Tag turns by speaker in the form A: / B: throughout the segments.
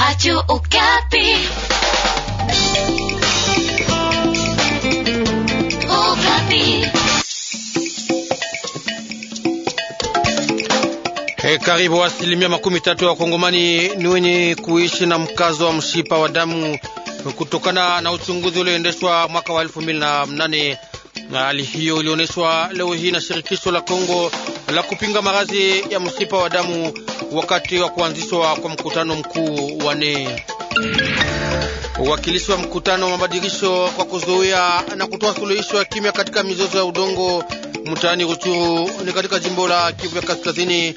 A: Hey, eh,
B: karibu asilimia makumi tatu ya Wakongomani ni wenye kuishi na mkazo wa mshipa wa damu kutokana na uchunguzi ulioendeshwa mwaka wa elfu mbili na mnane na hali hiyo ilioneshwa leo hii na shirikisho la Kongo la kupinga maradhi ya msipa wa damu wakati wa kuanzishwa kwa mkutano mkuu wa NE. Uwakilishi wa mkutano wa mabadilisho kwa kuzuia na kutoa suluhisho ya kimya katika mizozo ya udongo mtaani Ruchuru ni katika jimbo la Kivu ya Kaskazini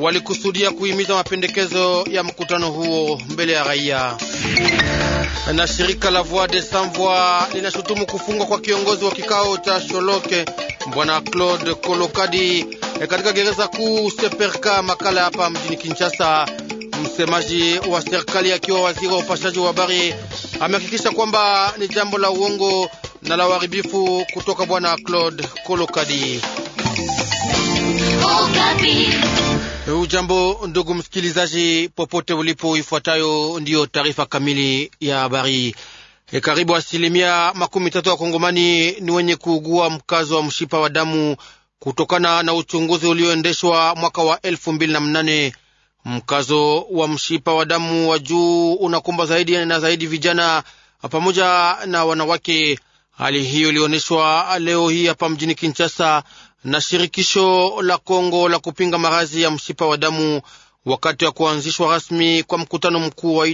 B: walikusudia kuhimiza mapendekezo ya mkutano huo mbele ya raia. Na shirika la Voix des Sans Voix linashutumu kufungwa kwa kiongozi wa kikao cha Sholoke Bwana Claude Kolokadi Eh, katika gereza kuu Seperka Makala hapa mjini Kinshasa. Msemaji wa serikali akiwa waziri wa upashaji wa habari amehakikisha kwamba ni jambo la uongo na la uharibifu kutoka bwana Claude Kolokadi. Eh, ujambo ndugu msikilizaji, popote ulipo, ifuatayo ndiyo taarifa kamili ya habari. E, karibu asilimia makumi tatu wa Kongomani ni wenye kuugua mkazo wa mshipa wa damu kutokana na uchunguzi ulioendeshwa mwaka wa elfu mbili na mnane. Mkazo wa mshipa wa damu wa juu unakumba zaidi na zaidi vijana pamoja na wanawake. Hali hiyo ilionyeshwa leo hii hapa mjini Kinshasa na shirikisho la Kongo la kupinga maradhi ya mshipa wa damu wakati wa kuanzishwa rasmi kwa mkutano mkuu wa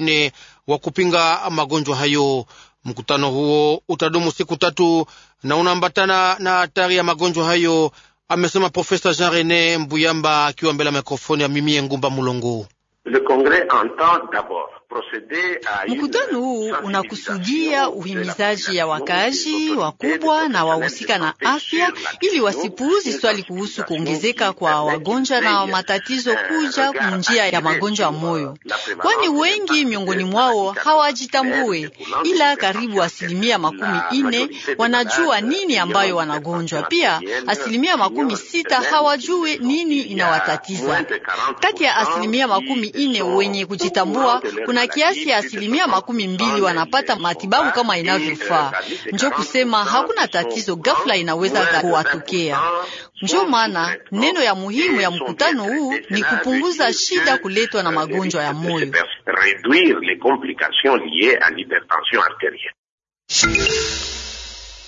B: wa kupinga magonjwa hayo. Mkutano huo utadumu siku tatu na unaambatana na hatari ya magonjwa hayo amesema Profesa Jean Rene Mbuyamba akiwa mbele ya mikrofoni ya Mimi Ngumba Mulongo. Le Congre entend d'abord
C: Mkutano huu unakusudia uhimizaji ya wakaji wakubwa na wahusika na afya ili wasipuuzi swali kuhusu kuongezeka kwa wagonjwa na matatizo euh, kuja njia ya magonjwa ya moyo, euh, kwani wengi miongoni mwao hawajitambue, ila karibu asilimia makumi ine wanajua nini ambayo wanagonjwa. Pia asilimia makumi sita hawajui nini inawatatiza. Kati ya asilimia makumi ine wenye kujitambua kuna na kiasi ya asilimia makumi mbili wanapata matibabu kama inavyofaa. Njo kusema hakuna tatizo ghafla inaweza kuwatokea. Njo maana neno ya muhimu ya mkutano huu ni kupunguza shida kuletwa na magonjwa ya moyo.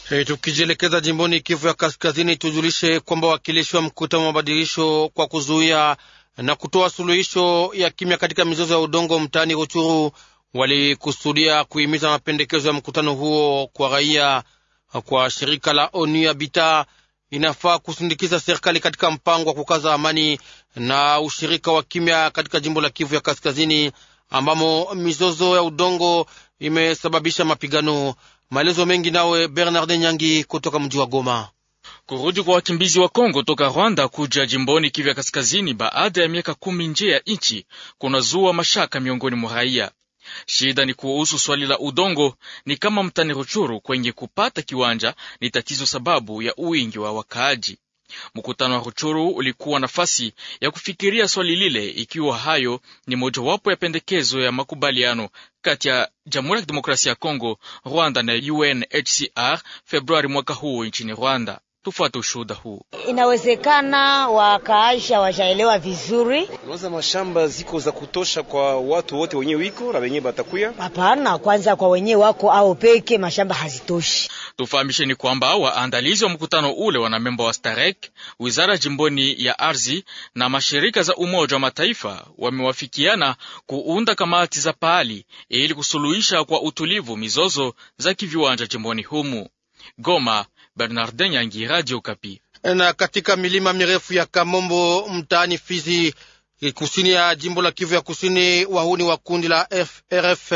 B: Hey, tukijielekeza jimboni Kivu ya Kaskazini, tujulishe kwamba wakilishi wa mkutano wa mabadilisho kwa kuzuia na kutoa suluhisho ya kimya katika mizozo ya udongo mtaani Ruchuru walikusudia kuhimiza mapendekezo ya mkutano huo kwa raia. Kwa shirika la ONU bita inafaa kusindikiza serikali katika mpango wa kukaza amani na ushirika wa kimya katika jimbo la Kivu ya Kaskazini, ambamo mizozo ya udongo imesababisha mapigano. Maelezo mengi nawe Bernard Nyangi kutoka mji wa Goma.
D: Kurudi kwa wakimbizi wa Kongo toka Rwanda kuja jimboni Kivu ya Kaskazini baada ya miaka kumi nje ya nchi kunazua mashaka miongoni mwa raia. Shida ni kuhusu swali la udongo, ni kama mtani Ruchuru kwenye kupata kiwanja ni tatizo sababu ya uwingi wa wakaaji. Mkutano wa Ruchuru ulikuwa nafasi ya kufikiria swali lile, ikiwa hayo ni mojawapo ya pendekezo ya makubaliano kati ya Jamhuri ya Kidemokrasia ya Kongo, Rwanda na UNHCR Februari mwaka huu nchini Rwanda. Tufuate ushuhuda huu.
A: Inawezekana wakaaisha wajaelewa vizuri,
B: unaweza mashamba ziko za kutosha kwa watu wote wenye wiko na wenye batakuya.
A: Hapana, kwanza kwa wenye wako au peke mashamba hazitoshi.
D: ni kwamba waandalizi wa mkutano ule wanamemba wa Starek, wizara jimboni ya ardhi na mashirika za Umoja wa Mataifa wamewafikiana kuunda kamati za pahali ili kusuluhisha kwa utulivu mizozo za kiviwanja jimboni humu Goma. Bernardin Yangi, Radio Okapi.
B: Na katika milima mirefu ya Kamombo mtaani Fizi kusini ya jimbo la Kivu ya Kusini, wahuni wa kundi la FRF,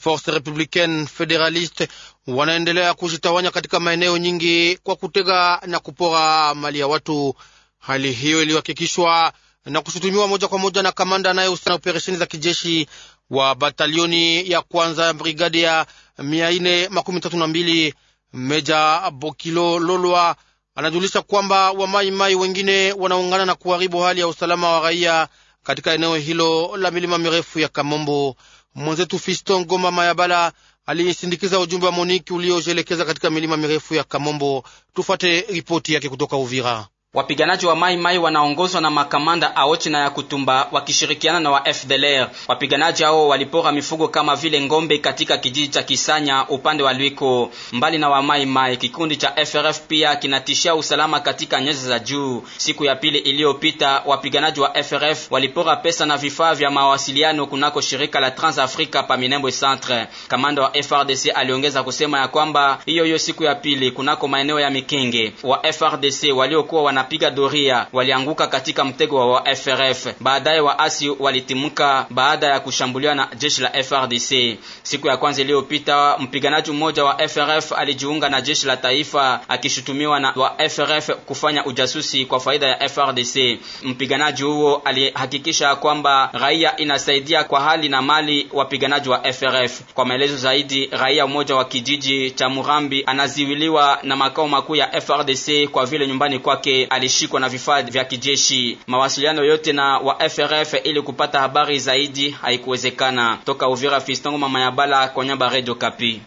B: Force Republicaine Federaliste, wanaendelea kujitawanya katika maeneo nyingi kwa kutega na kupora mali ya watu. Hali hiyo iliyohakikishwa na kushutumiwa moja kwa moja na kamanda anayehusika na operesheni za kijeshi wa batalioni ya kwanza ya brigadi ya mia nne makumi tatu na mbili Meja Bokilo Lolwa anajulisha kwamba wamaimai wengine wanaungana na kuharibu hali ya usalama wa raia katika eneo hilo la milima mirefu ya Kamombo. Mwenzetu Fiston Ngoma Mayabala alisindikiza ujumbe wa Moniki uliojelekeza katika milima mirefu ya Kamombo. Tufate ripoti yake kutoka Uvira.
A: Wapiganaji wa Mai Mai wanaongozwa na makamanda Aochi na Yakutumba wakishirikiana na wa FDLR. Wapiganaji hao walipora mifugo kama vile ngombe katika kijiji cha Kisanya upande wa Lwiko. Mbali na wa Mai Mai, kikundi cha FRF pia kinatishia usalama katika nyanja za juu. Siku ya pili iliyopita, wapiganaji wa FRF walipora pesa na vifaa vya mawasiliano kunako shirika la Transafrica pa Minembwe Centre. Kamanda wa FRDC aliongeza kusema ya kwamba hiyo hiyo siku ya pili kunako maeneo ya Mikenge, wa FRDC waliokuwa wana yanapiga doria walianguka katika mtego wa FRF. Baadaye waasi walitimuka baada ya kushambuliwa na jeshi la FRDC. Siku ya kwanza iliyopita, mpiganaji mmoja wa FRF alijiunga na jeshi la taifa akishutumiwa na wa FRF kufanya ujasusi kwa faida ya FRDC. Mpiganaji huo alihakikisha kwamba raia inasaidia kwa hali na mali wapiganaji wa FRF. Kwa maelezo zaidi, raia mmoja wa kijiji cha Murambi anaziwiliwa na makao makuu ya FRDC kwa vile nyumbani kwake alishikwa na vifaa vya kijeshi. Mawasiliano yote na wa FRF ili kupata habari zaidi haikuwezekana. Toka Uvira, Fistongo mama ya Bala nyamba Radio Kapi.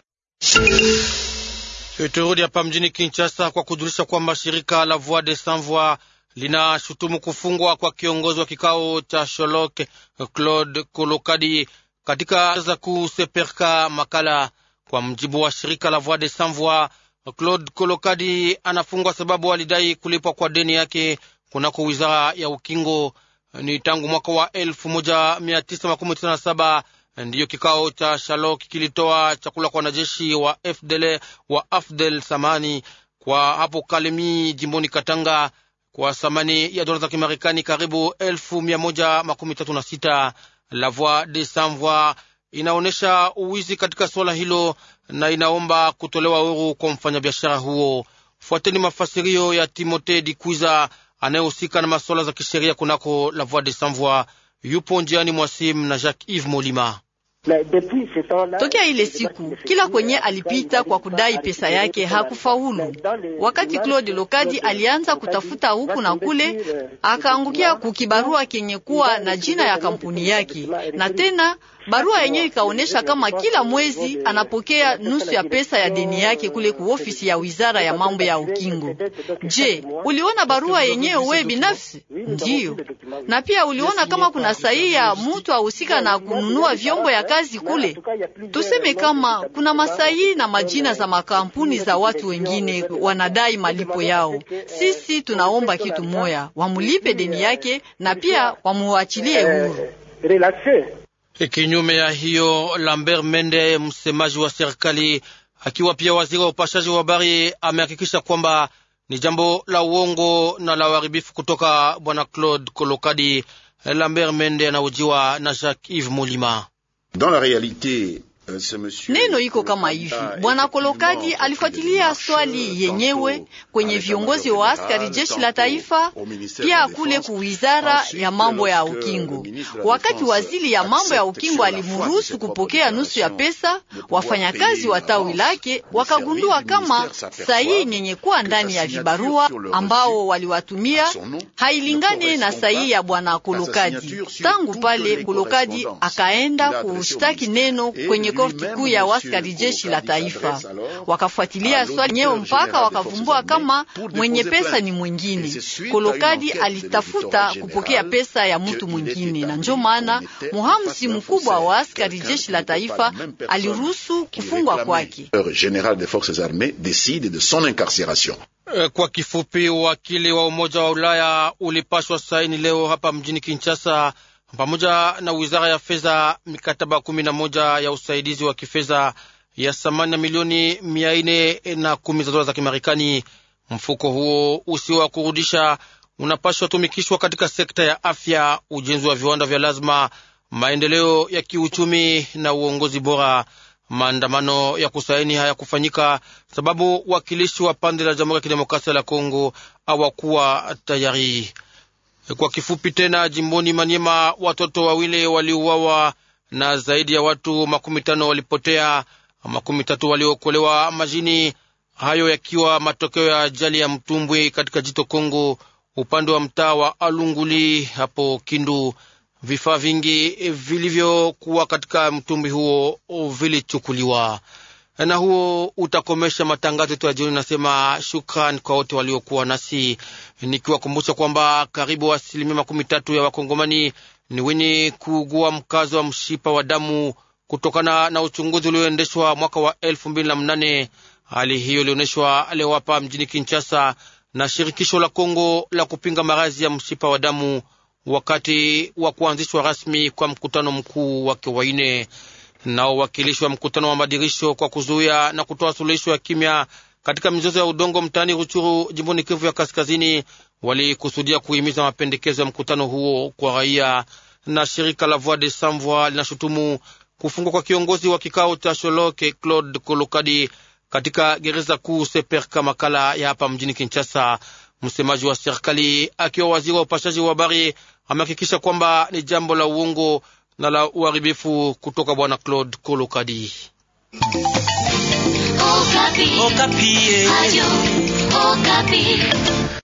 B: Eh, turudi hapa mjini Kinshasa kwa kujulisha kwamba shirika la Voix des Sans Voix shutumu kufungwa kwa kiongozi wa kikao cha Sholok eh, Claude Kolokadi katika za kuseperka makala. Kwa mjibu wa shirika la Voix des Sans Voix, Claude Kolokadi anafungwa sababu alidai kulipwa kwa deni yake kunako wizara ya ukingo. Ni tangu mwaka wa 1997 ndiyo kikao cha Shalok kilitoa chakula kwa wanajeshi wa FDL wa Afdel samani kwa hapo Kalemi jimboni Katanga kwa thamani ya dola za Kimarekani karibu elfu mia moja makumi tatu na sita inaonyesha uwizi katika suala hilo na inaomba kutolewa huru kwa mfanyabiashara huo. Fuateni mafasirio ya Timote Dikwiza anayehusika na masuala za kisheria kunako La Voix des Sans Voix. Yupo njiani mwasim na Jacques Yves Molima.
C: Tokea ile siku kila kwenye alipita kwa kudai pesa yake hakufaulu. Wakati Claude Lokadi alianza kutafuta huku na kule, akaangukia kukibarua kenye kuwa na jina ya kampuni yake na tena Barua yenyewe ikaonesha kama kila mwezi anapokea nusu ya pesa ya deni yake kule ku ofisi ya wizara ya mambo ya ukingo. Je, uliona barua yenyewe wewe binafsi? Ndiyo. Na pia uliona kama kuna sahihi ya mtu ahusika na kununua vyombo ya kazi kule? Tuseme kama kuna masahihi na majina za makampuni za watu wengine wanadai malipo yao. Sisi tunaomba kitu moya, wamulipe deni yake na pia wamuachilie huru.
B: Eh, E, kinyume ya hiyo, Lambert Mende, msemaji wa serikali, akiwa pia waziri wa upashaji wa habari, amehakikisha kwamba ni jambo la uongo na la uharibifu kutoka bwana Claude Kolokadi. Lambert Mende anahojiwa na Jacques Yves Mulima. Dans la réalité Euh,
C: neno iko kama hivi. Bwana Kolokadi alifuatilia swali yenyewe kwenye viongozi wa askari jeshi la taifa, pia kule ku wizara ya mambo ya ukingo. Wakati waziri ya mambo ya ukingo alimuruhusu kupokea nusu ya pesa, wafanyakazi wa tawi lake wakagundua kama sahihi nyenyekuwa ndani ya vibarua ambao waliwatumia hailingane na sahihi ya Bwana Kolokadi. Tangu pale, Kolokadi akaenda kushtaki neno kwenye korti kuu ya waskari jeshi la taifa, wakafuatilia swali nyewe mpaka wakavumbua kama mwenye pesa ni mwingine. Kolokadi alitafuta kupokea pesa ya mtu mwingine, na njo maana muhamsi mkubwa wa askari jeshi la taifa aliruhusu kufungwa kwake.
B: Eh, kwa kifupi, wakili wa Umoja wa Ulaya ulipashwa saini leo hapa mjini Kinshasa pamoja na wizara ya fedha mikataba kumi na moja ya usaidizi wa kifedha ya thamani ya milioni mia nne na kumi za dola za Kimarekani. Mfuko huo usio wa kurudisha unapashwa tumikishwa katika sekta ya afya, ujenzi wa viwanda vya lazima, maendeleo ya kiuchumi na uongozi bora. Maandamano ya kusaini hayakufanyika sababu wakilishi wa pande la Jamhuri ya Kidemokrasia la Kongo hawakuwa tayari. Kwa kifupi tena, jimboni Manyema watoto wawili waliuawa na zaidi ya watu makumi tano walipotea, makumi tatu waliokolewa majini, hayo yakiwa matokeo ya ajali ya mtumbwi katika jito Kongo upande wa mtaa wa Alunguli hapo Kindu. Vifaa vingi vilivyokuwa katika mtumbwi huo vilichukuliwa na huo utakomesha matangazo yetu ya jioni. Nasema shukrani kwa wote waliokuwa nasi, nikiwakumbusha kwamba karibu asilimia makumi tatu ya wakongomani ni wenye kuugua mkazo wa mshipa wa damu kutokana na uchunguzi ulioendeshwa mwaka wa elfu mbili na mnane. Hali hiyo ilionyeshwa leo hapa mjini Kinshasa na shirikisho la Kongo la kupinga maradhi ya mshipa wa damu wakati wa kuanzishwa rasmi kwa mkutano mkuu wake wa nne na uwakilishi wa mkutano wa madirisho kwa kuzuia na kutoa suluhisho ya kimya katika mizozo ya udongo mtaani Ruchuru, jimboni Kivu ya Kaskazini, walikusudia kuhimiza mapendekezo ya mkutano huo kwa raia. Na shirika la Voix des Sans Voix linashutumu kufungwa kwa kiongozi wa kikao cha Sholoke Claude Kolokadi katika gereza kuu Seperka Makala ya hapa mjini Kinshasa. Msemaji wa serikali akiwa waziri wa upashaji wa habari amehakikisha kwamba ni jambo la uongo na la uharibifu kutoka Bwana Claude Kolokadi.
D: Okapi. Okapi. Eh.